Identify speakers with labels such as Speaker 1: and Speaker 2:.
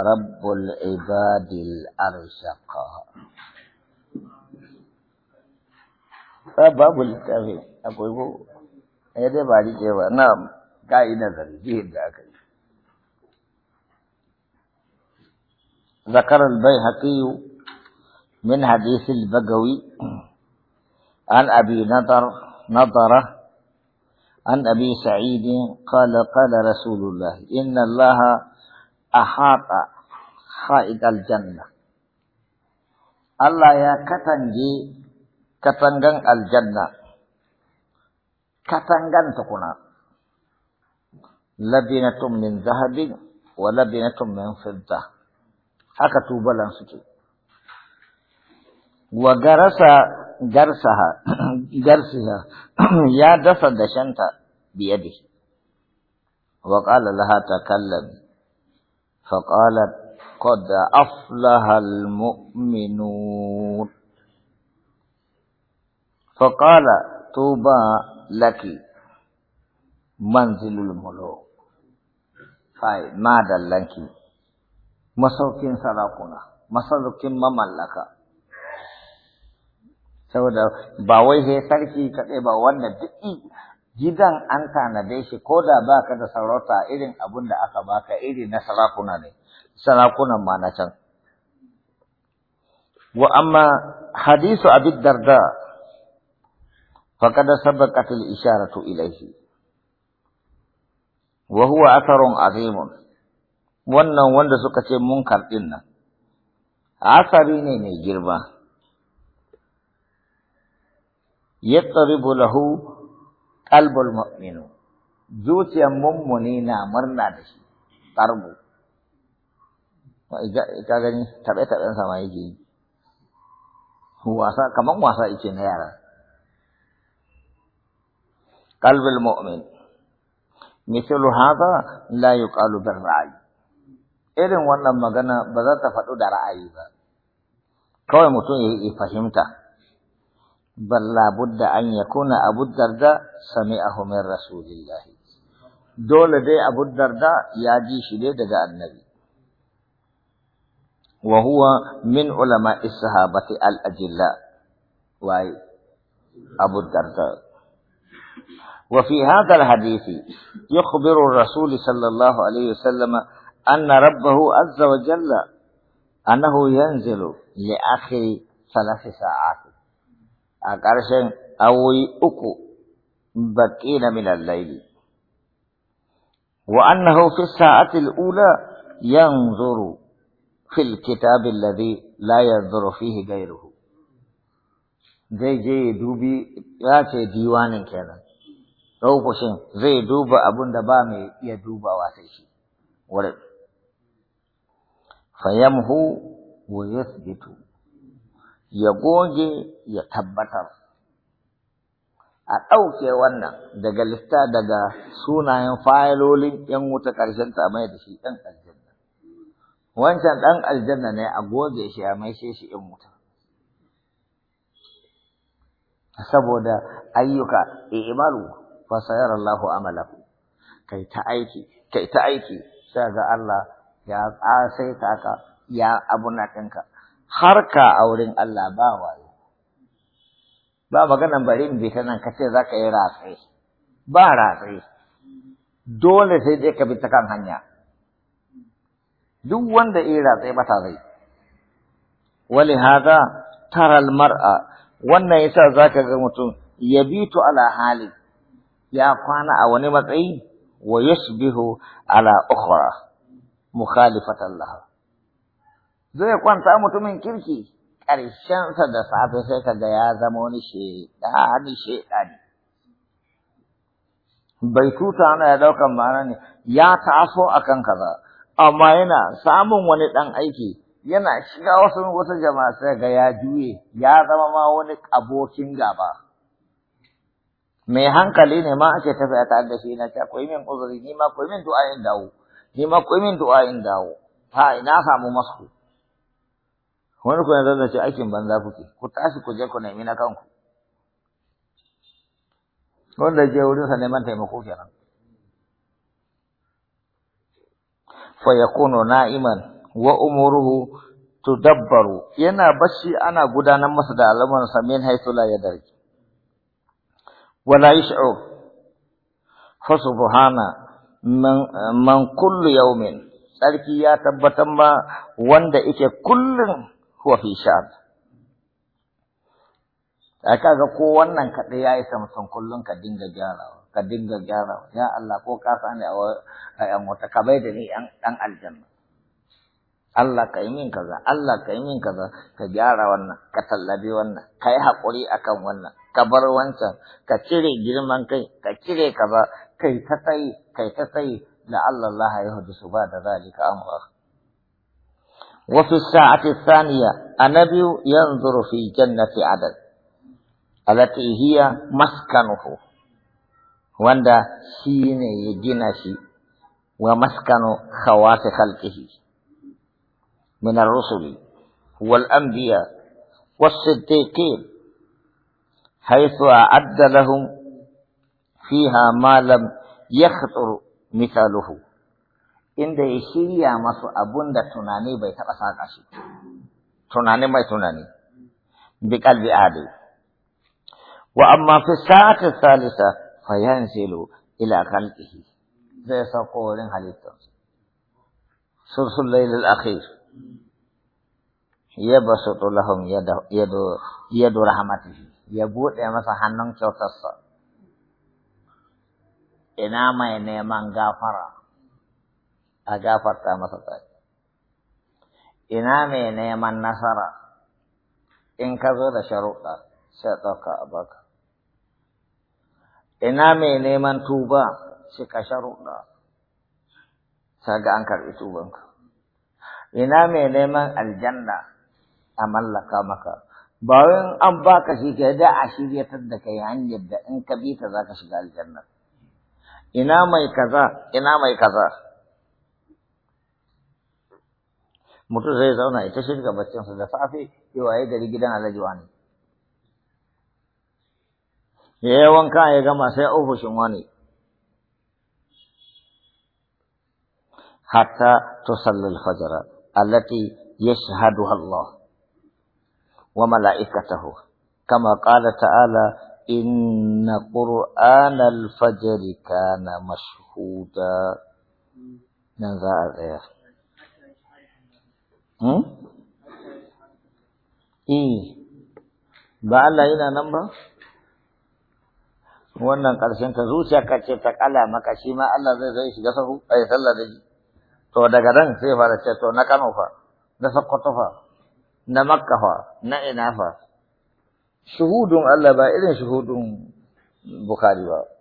Speaker 1: رب العباد الأرزق babu littafi akwai ko ya dai ba rike ba na ka'i nazari jihar ذكر البيهقي من حديث البقوي عن أبي نضر نضره عن أبي سعيد قال قال رسول الله إن الله أحاط خائد الجنة الله يا كتنجي كتنجن الجنة كتنجن تكون لبنة من ذهب ولبنة من فضة أكتوب لن سكي وغرس غرسها غرسها يا دفن دشنت بيده وقال لها تكلم faqalat qad aflahal mu'minun faqala tuba laki manzilul da laki masaukin sarakuna masaukin mamallaka saboda ba wai sai sarki kaɗai ba wannan duk gidan an tanade shi ko da ba ka da sarauta irin abun da aka baka iri na sarakuna ne sarakunan ma na can wa amma hadisu abid darda faqad sabaqat al isharatu ilayhi wa huwa atharun azim wannan wanda suka ce munkar din nan asari ne mai girma yaqribu lahu kalbul mu'minu zuciyar mummuni na murna da shi qarbu ka gani tabe taben sama yake wasa kaman wasa yake na yara kalbul mu'min hada la yuqalu يقال بالرأي irin wannan magana ba za ta faɗo da ra'ayi ba kawai mutum ya fahimta بل لا بد أن يكون أبو الدرداء سمعه من رسول الله دول دي أبو الدرداء ياجي شديد دقاء النبي وهو من علماء الصحابة الأجلاء واي أبو الدرداء وفي هذا الحديث يخبر الرسول صلى الله عليه وسلم أن ربه عز وجل أنه ينزل لآخر ثلاث ساعات a ƙarshen awoyi uku baƙina minal laili wa annahu fi sa'ati al-ula yanzuru fi al-kitab alladhi la yanzuru fihi ghayruhu zai je dubi ya ce diwanin kenan ɗaukushin zai duba abun da ba mai iya dubawa sai shi wurin fayamhu wa yuthbitu ya goge ya tabbatar a ɗauke wannan daga lista daga sunayen fayilolin ‘yan wuta ƙarshen ta mai da shi ɗan aljanna wancan ɗan aljanna ne a goge shi a mai shi ‘yan wuta saboda ayyuka i'malu fa Allahu amalaku kai ta aiki kai ta aiki sai ga Allah ya sai ka ya abu na ɗinka harka a wurin Allah ba ba maganan bari in bi ta nan kace za ka yi ratsi ba ratsai dole sai dai ka bi ta kan hanya duk wanda yi ba ta zai wali hada taral mar'a wannan yasa zaka ga mutum ya tu ala hali ya kwana a wani matsayi wa yashbihu ala ukhra mukhalifatan laha zai kwanta mutumin kirki ƙarshensa da safe sai kaga ya zama wani shaidani shaidani bai tuta ana ya ɗaukan ma'ana ne ya taso akan kaza amma yana samun wani ɗan aiki yana shiga wasu wata jama'a sai ga ya juye ya zama ma wani abokin gaba mai hankali ne ma ake tafiya ta da shi na ta koyi min uzuri ni ma koyi min du'a in dawo ni ma koyi min du'a in dawo ha ina samu masu wani ku yanzu zan aikin banza kuke ku tashi ku je ku nemi na kanku wanda je wurin sa neman taimako kenan fa yakunu na'iman wa umuruhu tudabbaru yana bashi ana gudanar masa da al'amuran sa min haythu la yadri wala yash'u fa subhana man man kullu yawmin sarki ya tabbatar ba wanda yake kullum huwa fi sha'ab a kaga ko wannan kaɗai ya yi samson kullum ka dinga gyarawa ka dinga gyarawa ya Allah ko ka sani a yan wata ka bai da ni ɗan aljanna Allah ka yi min kaza Allah ka yi min kaza ka gyara wannan ka tallabi wannan ka yi haƙuri akan wannan ka bar wancan ka cire girman kai ka cire kaza kai ta tsayi kai ta tsayi la Allah Allah ya hudu su ba da zalika amra وفي الساعة الثانية النبي ينظر في جنة عدن التي هي مسكنه وندا سين يجنشي ومسكن خواص خلقه من الرسل والأنبياء والصديقين حيث أعد لهم فيها ما لم يخطر مثاله inda ya shirya masu abun da tunani bai taɓa saƙa shi tunani mai tunani bi kalbi adi wa amma fi sa'ati salisa fa yanzilu ila khalqihi zai sauko wurin halittarsa sulsul layl al-akhir yabsutu lahum yadu yadu yadu rahmatihi ya buɗe masa hannun kyautarsa ina mai neman gafara a gafarta masa tsaki. Ina mai neman nasara in ka zo da sharuɗa sai ɗauka a baka. Ina mai neman tuba sai ka sharuɗa sai ga an karɓi tubanka. Ina mai neman aljanna a mallaka maka. Bawin wai an baka shi ke da a shiryatar da kai hanyar da in ka bi ta za ka shiga aljanna ina mai kaza ina mai kaza mutum zai zauna ita shirga baccinsa da safe ya waye gari gidan alhaji wani ya yi wanka ya gama sai ofishin wani حتى تصلي الفجر التي يشهدها الله وملائكته كما قال تعالى إن قرآن الفجر كان مشهودا نذار Eh, ba Allah yana nan ba? Wannan ƙarshen ka zuciya ka ce ta ƙala maka shi ma Allah zai zai shiga sahu a yi sallah da shi. To daga nan sai fara ce to na Kano fa, na Sokoto fa, na Makka fa, na ina fa. Shuhudun Allah ba irin shuhudun Bukhari ba.